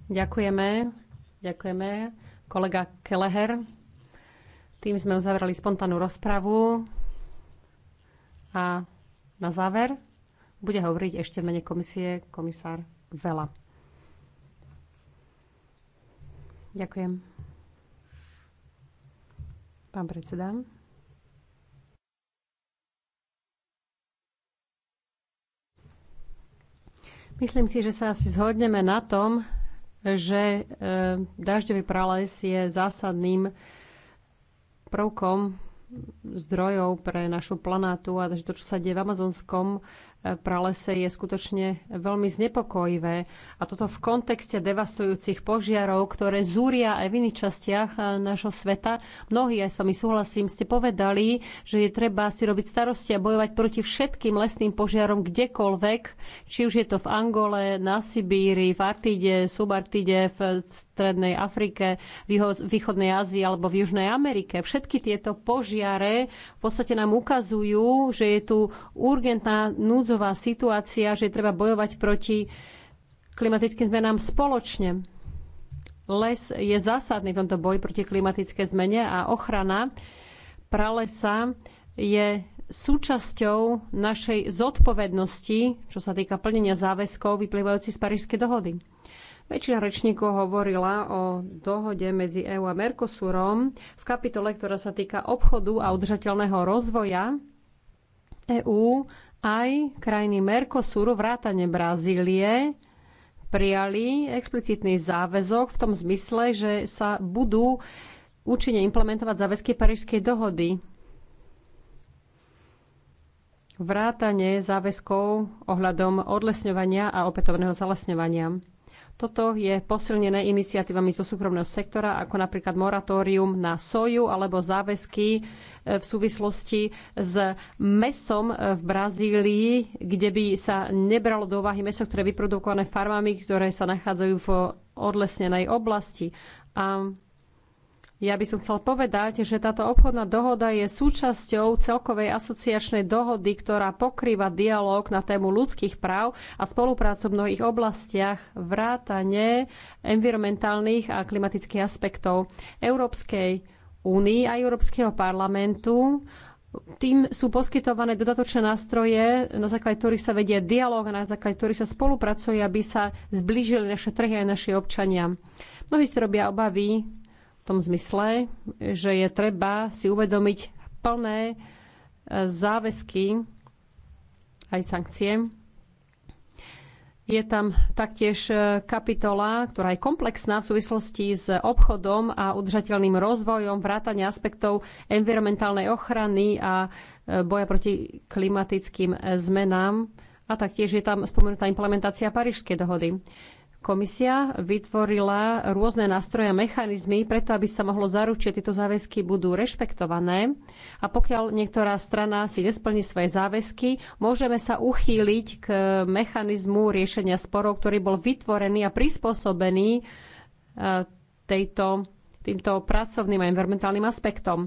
Speaker 2: Ďakujeme. Ďakujeme. Kolega Keleher. Tým sme uzavrali spontánnu rozpravu. A na záver bude hovoriť ešte v mene komisie komisár Vela. Ďakujem. Pán predseda. Myslím si, že sa asi zhodneme na tom, že e, dažďový prales je zásadným prvkom zdrojov pre našu planátu a že to, čo sa deje v amazonskom E, pralese je skutočne veľmi znepokojivé. A toto v kontexte devastujúcich požiarov, ktoré zúria aj v iných častiach e, nášho sveta. Mnohí, aj s vami súhlasím, ste povedali, že je treba si robiť starosti a bojovať proti všetkým lesným požiarom kdekoľvek, či už je to v Angole, na Sibíri, v Artide, Subartide, v Strednej Afrike, v Východnej Ázii alebo v Južnej Amerike. Všetky tieto požiare v podstate nám ukazujú, že je tu urgentná núdzo krízová situácia, že treba bojovať proti klimatickým zmenám spoločne. Les je zásadný v tomto boji proti klimatické zmene a ochrana pralesa je súčasťou našej zodpovednosti, čo sa týka plnenia záväzkov vyplývajúcich z Parížskej dohody. Väčšina rečníkov hovorila o dohode medzi EÚ a Mercosurom v kapitole, ktorá sa týka obchodu a udržateľného rozvoja. EÚ aj krajiny Mercosuru, vrátane Brazílie, prijali explicitný záväzok v tom zmysle, že sa budú účinne implementovať záväzky Parížskej dohody. Vrátanie záväzkov ohľadom odlesňovania a opätovného zalesňovania. Toto je posilnené iniciatívami zo súkromného sektora, ako napríklad moratórium na soju alebo záväzky e, v súvislosti s mesom v Brazílii, kde by sa nebralo do úvahy meso, ktoré je vyprodukované farmami, ktoré sa nachádzajú v odlesnenej oblasti. A ja by som chcel povedať, že táto obchodná dohoda je súčasťou celkovej asociačnej dohody, ktorá pokrýva dialog na tému ľudských práv a spoluprácu v mnohých oblastiach vrátane environmentálnych a klimatických aspektov Európskej únii a Európskeho parlamentu. Tým sú poskytované dodatočné nástroje, na základe ktorých sa vedie dialog a na základe ktorých sa spolupracuje, aby sa zblížili naše trhy aj naši občania. Mnohí si robia obavy, v tom zmysle, že je treba si uvedomiť plné e, záväzky aj sankcie. Je tam taktiež e, kapitola, ktorá je komplexná v súvislosti s obchodom a udržateľným rozvojom, vrátanie aspektov environmentálnej ochrany a e, boja proti klimatickým zmenám. A taktiež je tam spomenutá implementácia Parížskej dohody. Komisia vytvorila rôzne nástroje a mechanizmy preto, aby sa mohlo zaručiť, že tieto záväzky budú rešpektované. A pokiaľ niektorá strana si nesplní svoje záväzky, môžeme sa uchýliť k mechanizmu riešenia sporov, ktorý bol vytvorený a prispôsobený e, tejto, týmto pracovným a environmentálnym aspektom.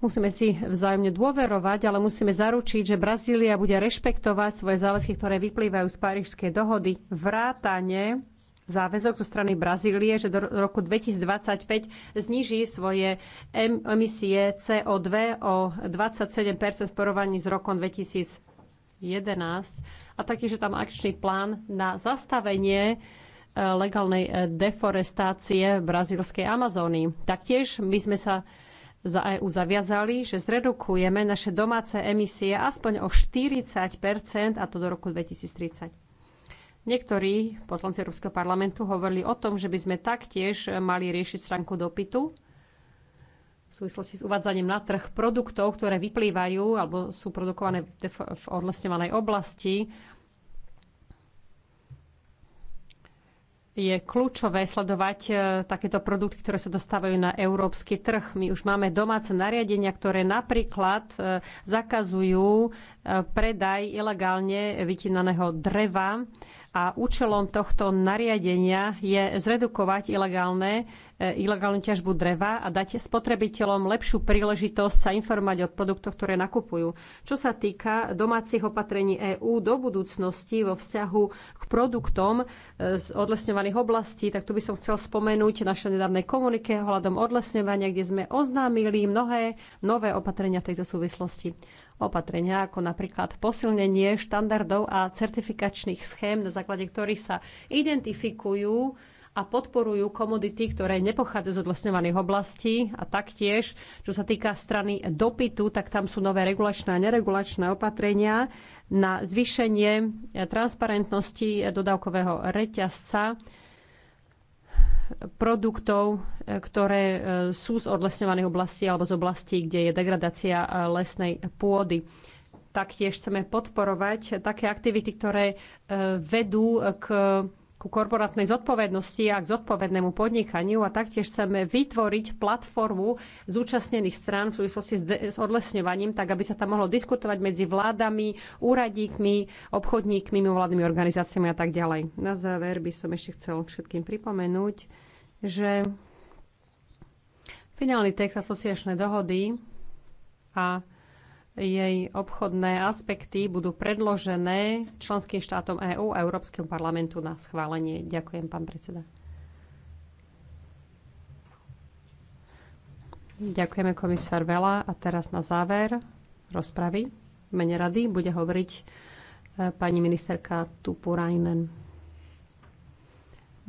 Speaker 2: Musíme si vzájomne dôverovať, ale musíme zaručiť, že Brazília bude rešpektovať svoje záväzky, ktoré vyplývajú z Parížskej dohody. Vrátane záväzok zo strany Brazílie, že do roku 2025 zniží svoje emisie CO2 o 27 v s rokom 2011 a taktiež je tam akčný plán na zastavenie e, legálnej e, deforestácie v brazílskej Amazóny. Taktiež my sme sa za EÚ zaviazali, že zredukujeme naše domáce emisie aspoň o 40 a to do roku 2030. Niektorí poslanci Európskeho parlamentu hovorili o tom, že by sme taktiež mali riešiť stránku dopytu v súvislosti s uvádzaním na trh produktov, ktoré vyplývajú alebo sú produkované v odlesňovanej oblasti. je kľúčové sledovať e, takéto produkty, ktoré sa dostávajú na európsky trh. My už máme domáce nariadenia, ktoré napríklad e, zakazujú e, predaj ilegálne vytínaného dreva a účelom tohto nariadenia je zredukovať ilegálne, eh, ilegálnu ťažbu dreva a dať spotrebiteľom lepšiu príležitosť sa informovať o produktoch, ktoré nakupujú. Čo sa týka domácich opatrení EÚ do budúcnosti vo vzťahu k produktom eh, z odlesňovaných oblastí, tak tu by som chcel spomenúť naše nedávne komunike ohľadom odlesňovania, kde sme oznámili mnohé nové opatrenia v tejto súvislosti opatrenia, ako napríklad posilnenie štandardov a certifikačných schém, na základe ktorých sa identifikujú a podporujú komodity, ktoré nepochádzajú z odlesňovaných oblastí a taktiež, čo sa týka strany dopytu, tak tam sú nové regulačné a neregulačné opatrenia na zvýšenie transparentnosti dodávkového reťazca produktov, e, ktoré e, sú z odlesňovaných oblastí alebo z oblastí, kde je degradácia e, lesnej pôdy. Taktiež chceme podporovať také aktivity, ktoré vedú k ku korporátnej zodpovednosti a k zodpovednému podnikaniu a taktiež chceme vytvoriť platformu zúčastnených strán v súvislosti s odlesňovaním, tak aby sa tam mohlo diskutovať medzi vládami, úradníkmi, obchodníkmi, mimovládnymi organizáciami a tak ďalej. Na záver by som ešte chcel všetkým pripomenúť, že finálny text asociačnej dohody a jej obchodné aspekty budú predložené členským štátom EÚ a Európskemu parlamentu na schválenie. Ďakujem, pán predseda. Ďakujeme komisár Vela a teraz na záver rozpravy v mene rady bude hovoriť eh, pani ministerka Tupurainen.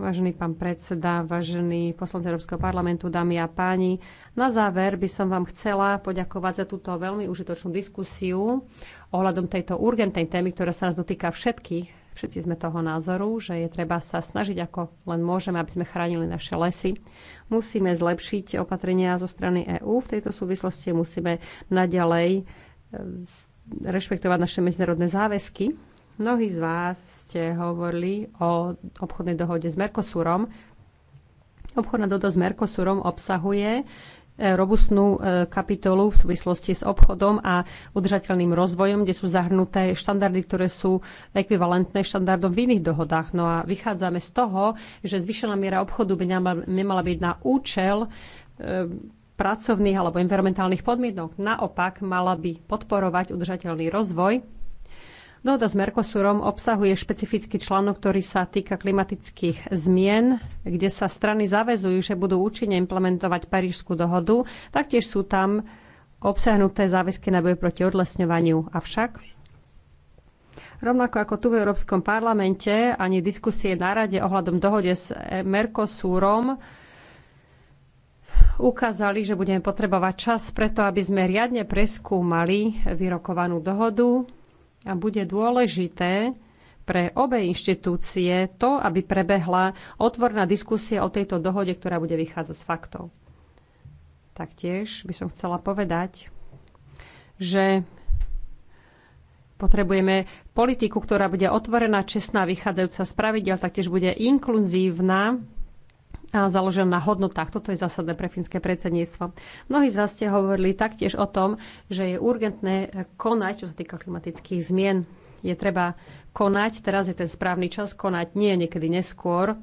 Speaker 2: Vážený pán predseda, vážení poslanci Európskeho parlamentu, dámy a páni, na záver by som vám chcela poďakovať za túto veľmi užitočnú diskusiu ohľadom tejto urgentnej témy, ktorá sa nás dotýka všetkých. Všetci sme toho názoru, že je treba sa snažiť ako len môžeme, aby sme chránili naše lesy. Musíme zlepšiť opatrenia zo strany EÚ. V tejto súvislosti musíme naďalej eh, rešpektovať naše medzinárodné záväzky Mnohí z vás ste hovorili o obchodnej dohode s Mercosurom. Obchodná dohoda s Mercosurom obsahuje e, robustnú e, kapitolu v súvislosti s obchodom a udržateľným rozvojom, kde sú zahrnuté štandardy, ktoré sú ekvivalentné štandardom v iných dohodách. No a vychádzame z toho, že zvyšená miera obchodu by nemala byť na účel e, pracovných alebo environmentálnych podmienok. Naopak mala by podporovať udržateľný rozvoj Dohoda s Mercosurom obsahuje špecifický článok, ktorý sa týka klimatických zmien, kde sa strany zavezujú, že budú účinne implementovať Parížskú dohodu. Taktiež sú tam obsahnuté záväzky na boj proti odlesňovaniu. Avšak Rovnako ako tu v Európskom parlamente, ani diskusie na rade ohľadom dohode s Mercosurom ukázali, že budeme potrebovať čas preto, aby sme riadne preskúmali vyrokovanú dohodu a bude dôležité pre obe inštitúcie to, aby prebehla otvorná diskusia o tejto dohode, ktorá bude vychádzať z faktov. Taktiež by som chcela povedať, že potrebujeme politiku, ktorá bude otvorená, čestná, vychádzajúca z pravidel, taktiež bude inkluzívna a založená na hodnotách. Toto je zásadné pre fínske predsedníctvo. Mnohí z vás ste hovorili taktiež o tom, že je urgentné konať, čo sa týka klimatických zmien. Je treba konať, teraz je ten správny čas konať, nie niekedy neskôr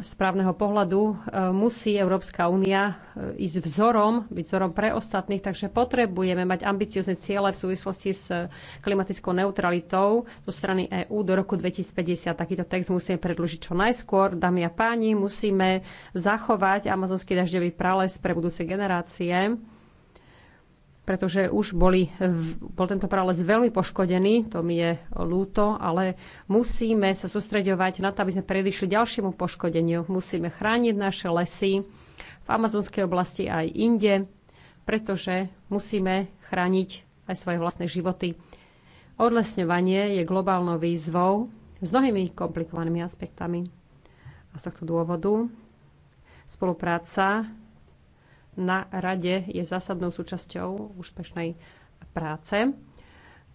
Speaker 2: správneho pohľadu e, musí Európska únia e, ísť vzorom, byť vzorom pre ostatných, takže potrebujeme mať ambiciozne ciele v súvislosti s e, klimatickou neutralitou zo strany EÚ do roku 2050. Takýto text musíme predložiť čo najskôr. Dámy a páni, musíme zachovať amazonský dažďový prales pre budúce generácie pretože už boli, bol tento prales veľmi poškodený, to mi je lúto, ale musíme sa sústreďovať na to, aby sme predišli ďalšiemu poškodeniu. Musíme chrániť naše lesy v amazonskej oblasti aj inde, pretože musíme chrániť aj svoje vlastné životy. Odlesňovanie je globálnou výzvou s mnohými komplikovanými aspektami. A z tohto dôvodu spolupráca na rade je zásadnou súčasťou úspešnej práce.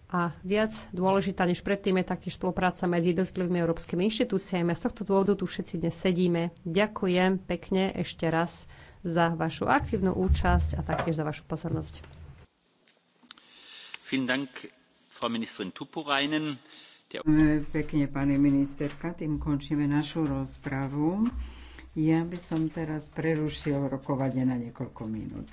Speaker 2: A viac dôležitá než predtým je taktiež spolupráca medzi jednotlivými európskymi inštitúciami. A z tohto dôvodu tu všetci dnes sedíme. Ďakujem pekne ešte raz za vašu aktívnu účasť a taktiež za vašu pozornosť.
Speaker 1: Pekne, pani ministerka, tým končíme našu rozpravu. Ja by som teraz prerušil rokovanie na niekoľko minút.